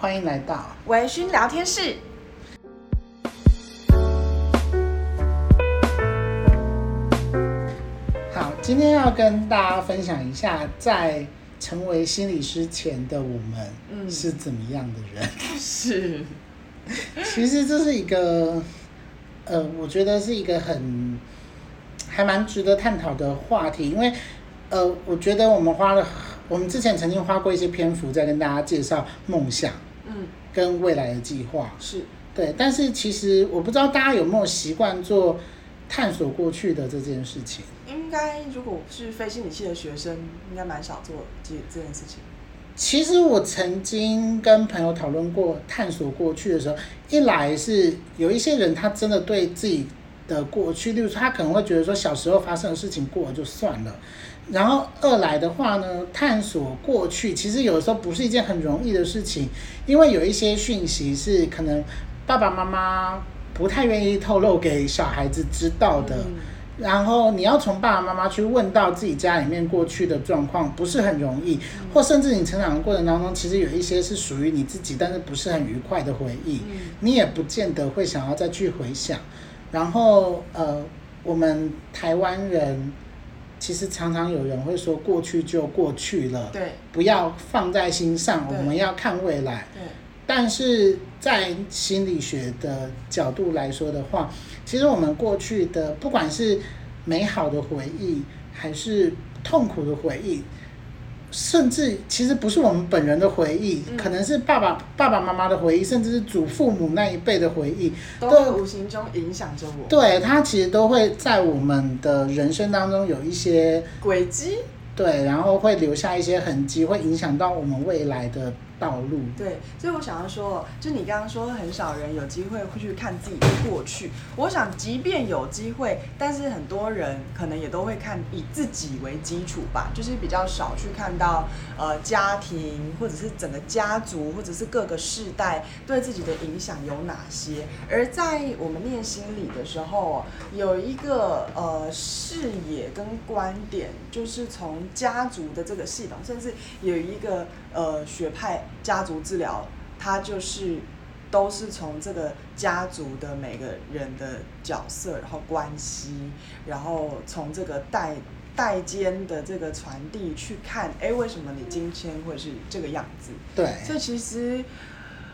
歡迎來到微醺聊天室。好，今天要跟大家分享一下，在成為心理師前的我們是怎麼樣的人。是，其實這是一個，呃，我覺得是一個很還蠻值得探討的話題，因為呃，我覺得我們花了，我們之前曾經花過一些篇幅在跟大家介紹夢想。嗯，跟未來的計劃是對，但是其實我不知道大家有沒有習慣做探索過去的這件事情。應該如果是非心理系的學生，應該蠻少做這這件事情。其實我曾經跟朋友討論過探索過去的時候，一來是有一些人他真的對自己的過去，例如他可能會覺得說小時候發生的事情過了就算了。然後二來的話呢，探索過去其實有時候不是一件很容易的事情，因為有一些訊息是可能爸爸媽媽不太願意透露給小孩子知道的。嗯、然後你要從爸爸媽媽去問到自己家裡面過去的狀況，不是很容易。嗯、或甚至你成長的過程當中，其實有一些是屬於你自己，但是不是很愉快的回憶，嗯、你也不見得會想要再去回想。然後呃，我們台灣人。其實常常有人會說，過去就過去了，對，不要放在心上。對，我們要看未來。對，對，但是在心理學的角度來說的話，其實我們過去的不管是美好的回憶還是痛苦的回憶。甚至其實不是我們本人的回憶，嗯、可能是爸爸、爸爸媽媽的回憶，甚至是祖父母那一輩的回憶，都會無形中影響着我。對，他其實都會在我們的人生當中有一些軌跡，對，然後會留下一些痕跡，會影響到我們未來的道路對，所以我想要說，就你剛剛說，很少人有機會會去看自己的過去。我想，即便有機會，但是很多人可能也都會看以自己為基礎吧，就是比較少去看到呃家庭或者是整個家族或者是各個世代對自己的影響有哪些。而在我們念心理的時候，有一個呃視野跟觀點，就是從家族的這個系統，甚至有一個呃學派。家族治療，它就是都是從這個家族的每個人的角色，然後關係，然後從這個代代間的這個傳遞去看，哎，為什麼你今天會是這個樣子？對，這其實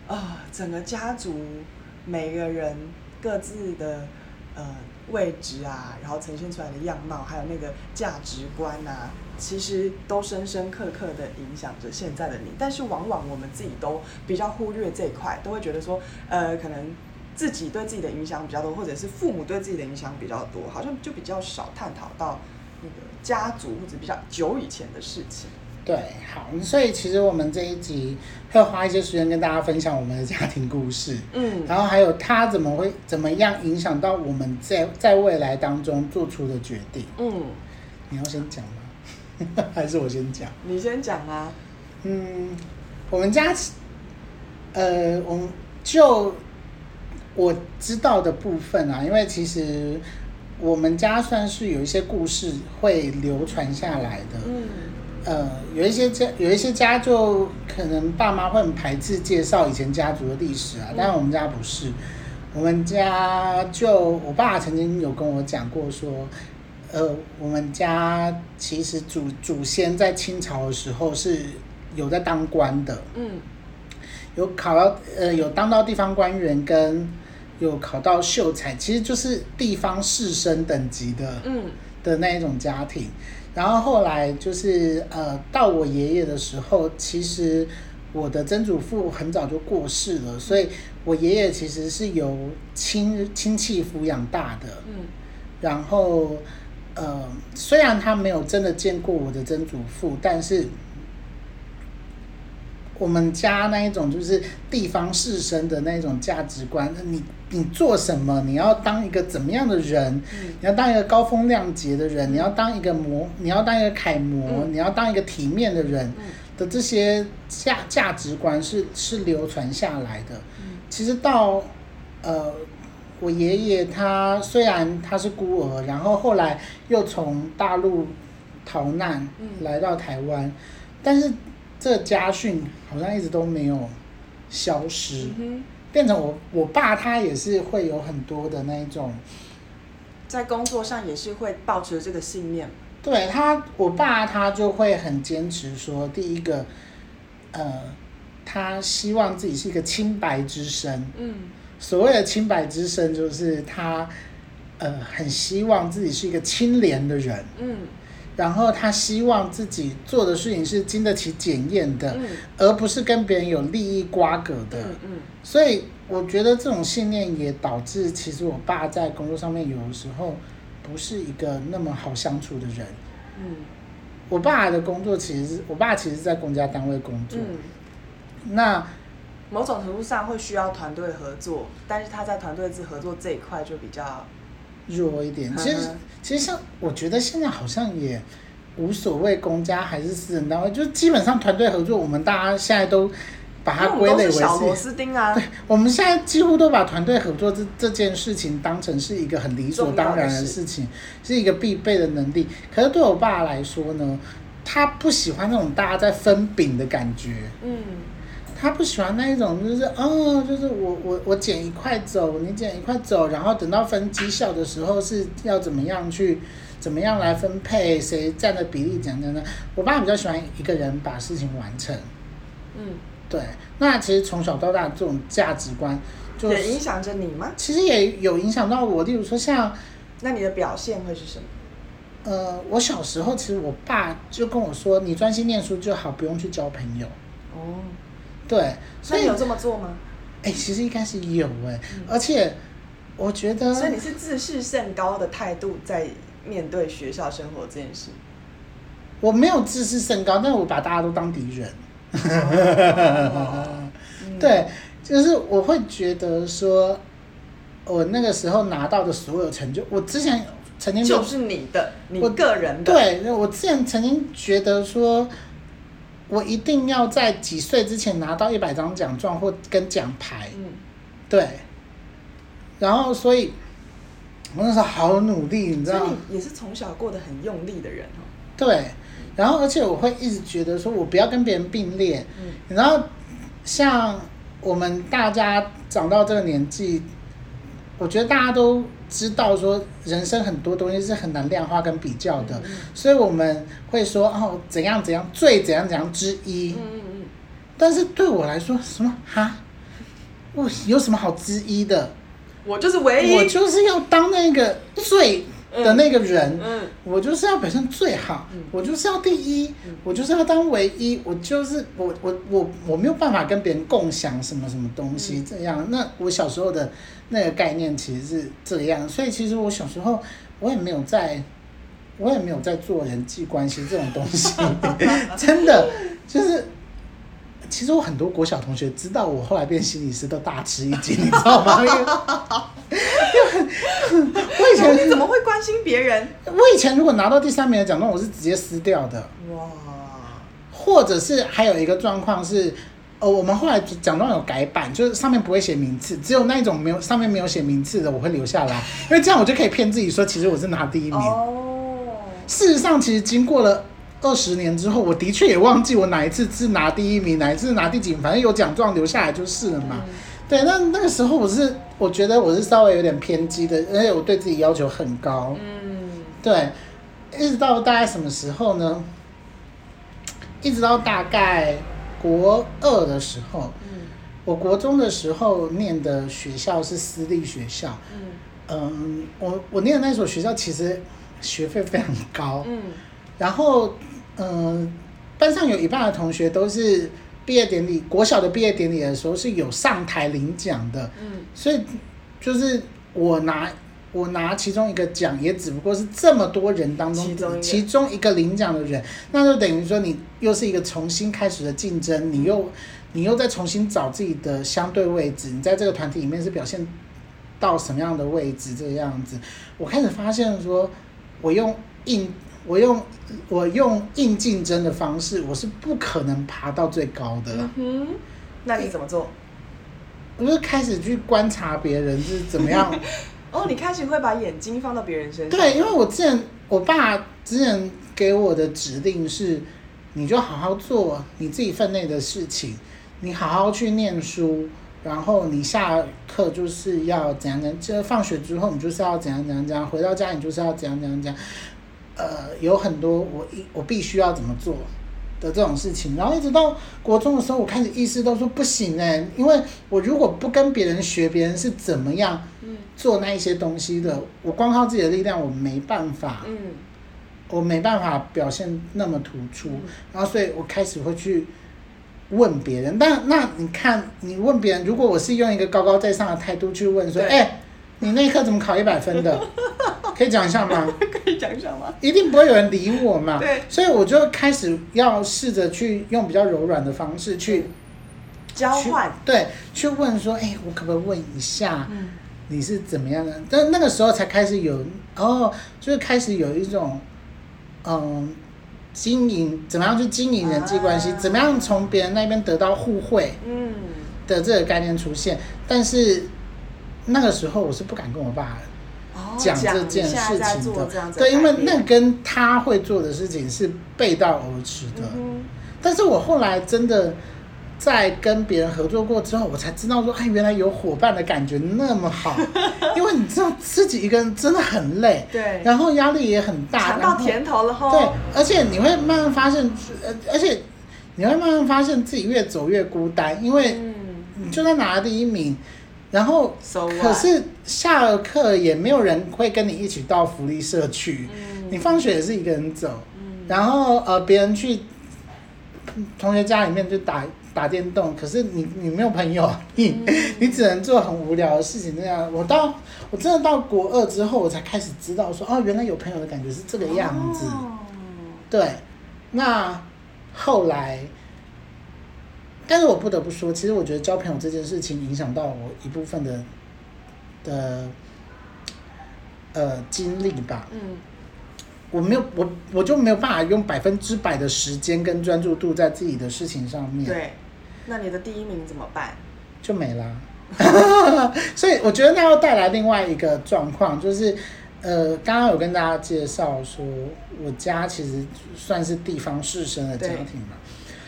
啊，整個家族每個人各自的呃位置啊，然後呈現出來的樣貌，還有那個價值觀吶。其實都深深刻刻的影響着現在的你，但是往往我們自己都比較忽略這一塊，都會覺得說，呃，可能自己對自己的影響比較多，或者是父母對自己的影響比較多，好像就比較少探討到那個家族或者比較久以前的事情。對，好，所以其實我們這一集會花一些時間跟大家分享我們的家庭故事，嗯，然後還有他怎麼會怎麼樣影響到我們在在未來當中做出的決定，嗯，你要先講嗎？還是我先講，你先講啊。嗯，我們家，呃，我就我知道的部分啊，因為其實我們家算是有一些故事會流傳下來的。嗯，呃，有一些家，有一些家就可能爸媽會很排斥介紹以前家族的歷史啊。嗯，但是我們家不是，我們家就我爸曾經有跟我講過說。呃，我們家其實祖祖先在清朝的時候是有在當官的。嗯，有考到呃有當到地方官員，跟有考到秀才，其實就是地方士紳等級的，嗯的那一種家庭。然後後來就是呃到我爺爺的時候，其實我的曾祖父很早就過世了，所以我爺爺其實是由親親戚撫養大的，嗯，然後。呃，雖然他沒有真的見過我的曾祖父，但是我們家那一種就是地方士紳的那一種價值觀，你你做什麼，你要當一個怎麼樣的人？嗯、你要當一個高風亮節的人，你要當一個模，你要當一個楷模，嗯、你要當一個體面的人的這些價價值觀是是流傳下來的。其實到呃。我爺爺他雖然他是孤兒，然後後來又從大陸逃難、嗯、來到台灣，但是這家訓好像一直都沒有消失，嗯、哼變成我我爸他也是會有很多的那一種，在工作上也是會抱持這個信念。對他，我爸他就會很堅持說，第一個，呃，他希望自己是一個清白之身。嗯。所謂的清白之身，就是他，呃，很希望自己是一個清廉的人，嗯，然後他希望自己做的事情是經得起檢驗的，嗯，而不是跟別人有利益瓜葛的，嗯，嗯，所以我覺得這種信念也導致，其實我爸在工作上面有的時候不是一個那麼好相處的人，嗯，我爸的工作其實是我爸其實在公家單位工作，嗯，那。某種程度上會需要團隊合作，但是他在團隊之合作這一塊就比較弱一點。其實，其實像我覺得現在好像也無所謂公家還是私人單位，就是基本上團隊合作，我們大家現在都把它歸類為是小螺絲釘啊。對，我們現在幾乎都把團隊合作這這件事情當成是一個很理所當然的事情，是，是一個必備的能力。可是對我爸來說呢，他不喜歡那種大家在分餅的感覺。嗯。他不喜歡那一種，就是哦，就是我我我撿一塊走，你撿一塊走，然後等到分績效的時候是要怎麼樣去，怎麼樣來分配，誰佔的比例怎樣怎樣等等。我爸比較喜歡一個人把事情完成。嗯，對。那其實從小到大這種價值觀，就是，也影響着你嗎？其實也有影響到我，例如說像，那你的表現會是什麼？呃，我小時候其實我爸就跟我說：“你專心念書就好，不用去交朋友。”哦。對，所以那你有這麼做嗎？哎、欸，其實一開始有哎、欸，嗯、而且我覺得，所以你是自視甚高的態度在面對學校生活這件事？我沒有自視甚高，但是我把大家都當敵人。對，嗯、就是我會覺得說，我那個時候拿到的所有成就，我之前曾經就是你的，你個人的。對，我之前曾經覺得說。我一定要在幾歲之前拿到一百張獎狀或跟獎牌，嗯、對。然後，所以，我那時候好努力，你知道嗎？所以你也是從小過得很用力的人、哦、對，然後而且我會一直覺得說，我不要跟別人並列。然後，像我們大家長到這個年紀，我覺得大家都。知道說人生很多東西是很難量化跟比較的，嗯嗯，所以我們會說哦，怎樣怎樣最怎樣怎樣之一，嗯嗯嗯，但是對我來說什麼哈，我有什麼好之一的？我就是唯一，我就是要當那個最的那個人，嗯嗯、我就是要表現最好，嗯、我就是要第一，嗯、我就是要當唯一，我就是我我我我沒有辦法跟別人共享什麼什麼東西、嗯、這樣。那我小時候的那個概念其實是這樣，所以其實我小時候我也沒有在，我也沒有在做人際關係這種東西， 真的就是，其實我很多國小同學知道我後來變心理師都大吃一驚，你知道嗎？ 我以前你怎麼會關心別人？我以前如果拿到第三名的獎狀，我是直接撕掉的。哇！或者是還有一個狀況是，呃，我們後來獎狀有改版，就是上面不會寫名次，只有那一種沒有上面沒有寫名次的，我會留下來，因為這樣我就可以騙自己說，其實我是拿第一名。事實上，其實經過了二十年之後，我的確也忘記我哪一次是拿第一名，哪一次拿第幾名，反正有獎狀留下來就是了嘛。對，那那個時候我是。我覺得我是稍微有點偏激的，而且我對自己要求很高。嗯，對，一直到大概什麼時候呢？一直到大概國二的時候，嗯，我國中的時候念的學校是私立學校。嗯，嗯，我我念的那所學校其實學費非常高。嗯，然後，嗯，班上有一半的同學都是。畢業典禮，國小的畢業典禮的時候是有上台領獎的，嗯、所以就是我拿我拿其中一個獎，也只不過是這麼多人當中其中，其中一個領獎的人，那就等於說你又是一個重新開始的競爭，嗯，你，你又你又再重新找自己的相對位置，你在這個團體裡面是表現到什麼樣的位置這個樣子，我開始發現說，我用印。我用我用硬競爭的方式，我是不可能爬到最高的。嗯，那你怎麼做？我就開始去觀察別人是怎麼樣。 哦，你開始會把眼睛放到別人身上。對，因為我之前我爸之前給我的指令是：你就好好做你自己分內的事情，你好好去念書，然後你下課就是要怎樣怎樣，這放學之後你就是要怎樣怎樣這樣，回到家你就是要怎樣怎樣這樣。呃，有很多我一我必須要怎麼做的這種事情，然後一直到國中的時候，我開始意識到說不行哎、欸，因為我如果不跟別人學，別人是怎麼樣做那一些東西的，我光靠自己的力量我沒辦法，嗯、我沒辦法表現那麼突出，然後所以我開始會去問別人，但那你看你問別人，如果我是用一個高高在上的態度去問說，說哎對。欸你那一科怎麼考一百分的？ 可以講一下嗎？ 可以講一下嗎？一定不會有人理我嘛。對，所以我就開始要試着去用比較柔軟的方式去交換，對，去問說：“哎、欸，我可不可以問一下，你是怎麼樣的？”嗯、但那個時候才開始有，哦，就開始有一種嗯，經營怎麼樣去經營人際關係，啊、怎麼樣從別人那邊得到互惠，嗯的這個概念出現，嗯、但是。那個時候我是不敢跟我爸講這件事情的，對，因為那跟他會做的事情是背道而馳的。但是我後來真的在跟別人合作過之後，我才知道說，哎，原來有夥伴的感覺那麼好，因為你知道自己一個人真的很累，然後壓力也很大，嘗到甜頭了，對，而且你會慢慢發現，呃，而且你會慢慢發現自己越走越孤單，因為你就算拿了第一名。然後，可是下了課也沒有人會跟你一起到福利社去。嗯，你放學也是一個人走。嗯，然後呃，別人去同學家裡面就打打電動，可是你你沒有朋友，你你只能做很無聊的事情這樣。我到我真的到國二之後，我才開始知道說，哦，原來有朋友的感覺是這個樣子。對，那後來。但是我不得不說，其實我覺得交朋友這件事情影響到我一部分的的呃經歷吧。嗯，嗯，我沒有我，我就沒有辦法用百分之百的時間跟專注度在自己的事情上面。對，那你的第一名怎麼辦？就沒了。 所以我覺得那要帶來另外一個狀況，就是呃，剛剛有跟大家介紹說，我家其實算是地方士紳的家庭嘛。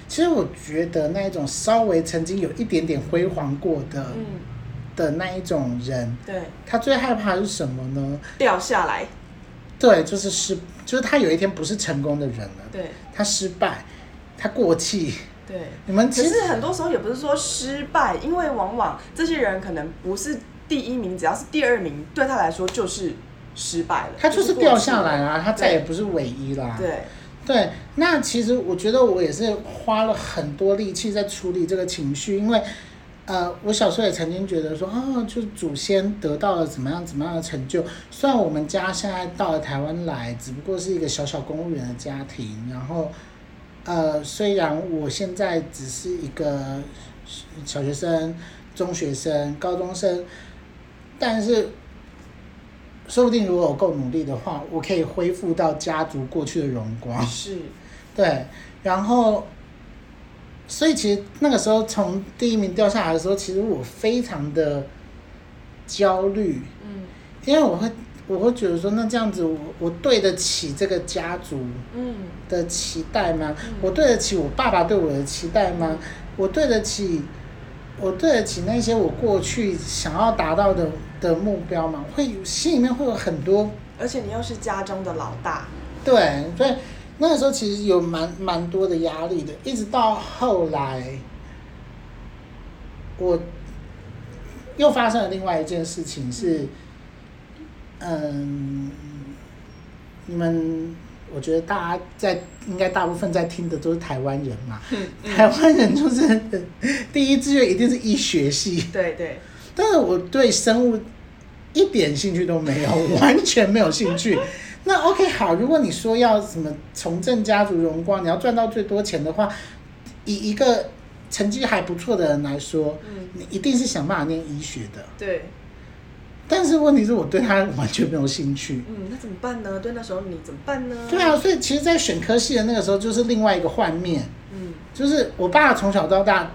其實我覺得那一種稍微曾經有一點點輝煌過的、嗯、的那一種人，對他最害怕的是什麼呢？掉下來。對，就是失，就是他有一天不是成功的人了。對，他失敗，他過氣。對，你們其實很多時候也不是說失敗，因為往往這些人可能不是第一名，只要是第二名，對他來說就是失敗了。他就是掉下來啊，了他再也不是唯一啦。對。對對，那其實我覺得我也是花了很多力氣在處理這個情緒，因為，呃，我小時候也曾經覺得說啊，哦，就祖先得到了怎麼樣怎麼樣的成就，雖然我們家現在到了台灣來，只不過是一個小小公務員的家庭，然後，呃，雖然我現在只是一個小學生、中學生、高中生，但是。說不定，如果我夠努力的話，我可以恢復到家族過去的榮光。是，對，然後，所以其實那個時候從第一名掉下來的時候，其實我非常的焦慮。嗯，因為我會，我會覺得說，那這樣子我，我我對得起這個家族的期待嗎？嗯，我對得起我爸爸對我的期待嗎？我對得起。我對得起那些我過去想要達到的的目標嘛，會有心裡面會有很多，而且你又是家中的老大，對，所以那個時候其實有蠻蠻多的壓力的，一直到後來，我又發生了另外一件事情是，嗯，嗯，你們。我覺得大家在應該大部分在聽的都是台灣人嘛，台灣人就是第一志願一定是醫學系。對對，但是我對生物一點興趣都沒有，完全沒有興趣。那 OK 好，如果你說要什麼重振家族榮光，你要賺到最多錢的話，以一個成績還不錯的人來說，你一定是想辦法念醫學的。對。但是問題是，我對他完全沒有興趣。嗯，那怎麼辦呢？對，那時候你怎麼辦呢？對啊，所以其實，在選科系的那個時候，就是另外一個畫面。嗯，就是我爸從小到大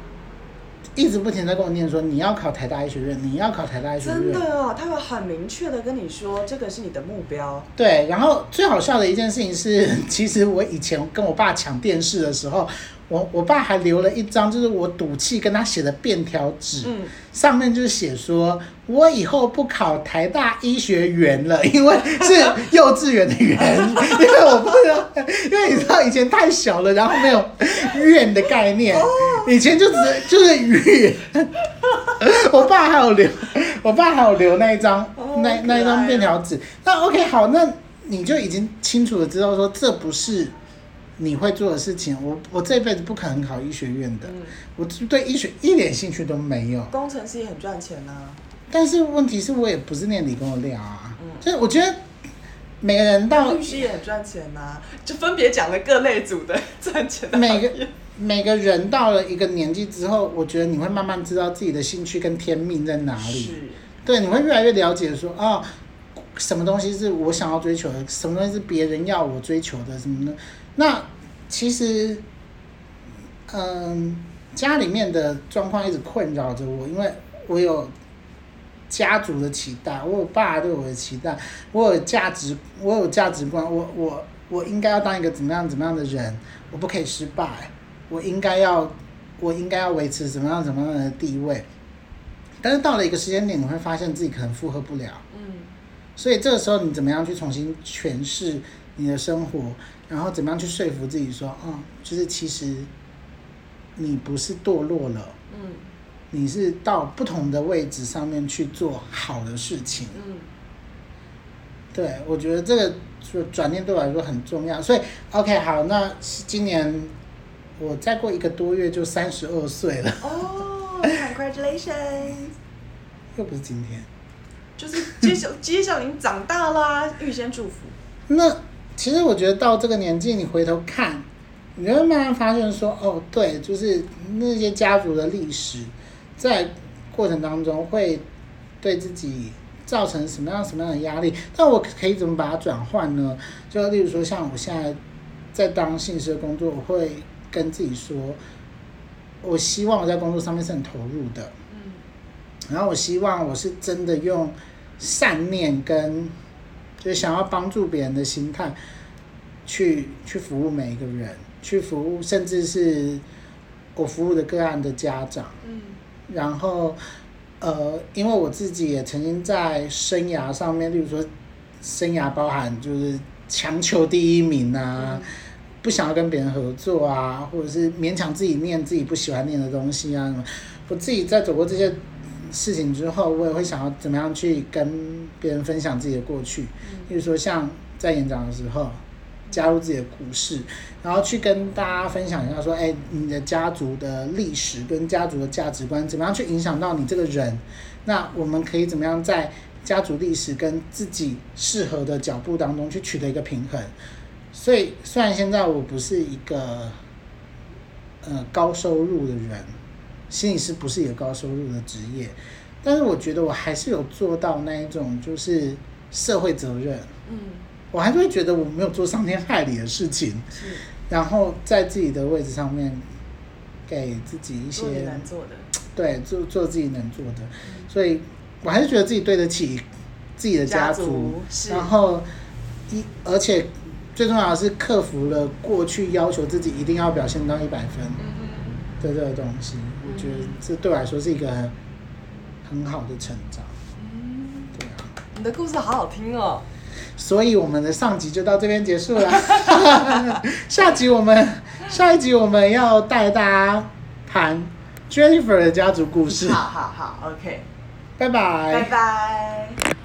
一直不停在跟我念說：“你要考台大醫學院，你要考台大醫學院。”真的哦，他會很明確的跟你說，這個是你的目標。對，然後最好笑的一件事情是，其實我以前跟我爸搶電視的時候。我我爸還留了一張，就是我賭氣跟他寫的便條紙，嗯、上面就寫說，我以後不考台大醫學院了，因為是幼稚園的園， 因為我不知道，因為你知道以前太小了，然後沒有院的概念，以前就只是就是院。 我爸還有留，我爸還有留那一張 那那一張便條紙，那 OK 好，那你就已經清楚的知道說這不是。你會做的事情，我我這輩子不可能考醫學院的，嗯、我對醫學一點興趣都沒有。工程師也很賺錢吶、啊，但是問題是我也不是那理工的料啊。所、嗯、就是我覺得每個人到律師也很賺錢吶、啊，就分別講了各類組的賺錢。每個每個人到了一個年紀之後，我覺得你會慢慢知道自己的興趣跟天命在哪裡。是對，你會越來越了解說啊、哦，什麼東西是我想要追求的，什麼東西是別人要我追求的，什麼呢？那其實，嗯，家裡面的狀況一直困擾着我，因為我有家族的期待，我有爸對我的期待，我有價值，我有價值觀，我我我應該要當一個怎麼樣怎麼樣的人，我不可以失敗，我應該要我應該要維持怎麼樣怎麼樣的地位，但是到了一個時間點，你會發現自己可能負荷不了，嗯，所以這個時候你怎麼樣去重新詮釋你的生活？然後怎麼樣去說服自己說，嗯，就是其實你不是墮落了，嗯，你是到不同的位置上面去做好的事情，嗯，對，我覺得這個就轉念對我來說很重要，所以 OK 好，那今年我再過一個多月就三十二歲了，哦、 oh,，Congratulations，又不是今天，就是接受，接受你長大啦，啊， 預先祝福，那。其實我覺得到這個年紀，你回頭看，你會慢慢發現說，哦，對，就是那些家族的歷史，在過程當中會對自己造成什麼樣什麼樣的壓力，但我可以怎麼把它轉換呢？就例如說，像我現在在當心理師的工作，我會跟自己說，我希望我在工作上面是很投入的，嗯，然後我希望我是真的用善念跟。就想要幫助別人的心態，去去服務每一個人，去服務，甚至是我服務的個案的家長。嗯。然後，呃，因為我自己也曾經在生涯上面，例如說，生涯包含就是強求第一名啊，嗯、不想要跟別人合作啊，或者是勉強自己念自己不喜歡念的東西啊，什麼，我自己在走過這些。事情之後，我也會想要怎麼樣去跟別人分享自己的過去，比如說像在演講的時候加入自己的故事，然後去跟大家分享一下說，哎、欸，你的家族的歷史跟家族的價值觀怎麼樣去影響到你這個人？那我們可以怎麼樣在家族歷史跟自己適合的腳步當中去取得一個平衡？所以，雖然現在我不是一個呃高收入的人。心理師不是一個高收入的職業，但是我覺得我還是有做到那一種就是社會責任，嗯，我還是會覺得我沒有做傷天害理的事情，是然後在自己的位置上面給自己一些做，做，做自己能做的，對、嗯，做做自己能做的，所以我還是覺得自己對得起自己的家族，家族，然後一而且最重要的是克服了過去要求自己一定要表現到一百分，嗯嗯，的這個東西。得這對我來說是一個很好的成長。嗯，對啊，你的故事好好聽哦。所以我們的上集就到這邊結束了， 下集我們下一集我們要帶大家談 Jennifer 的家族故事。好好好，OK，拜拜 bye，拜拜。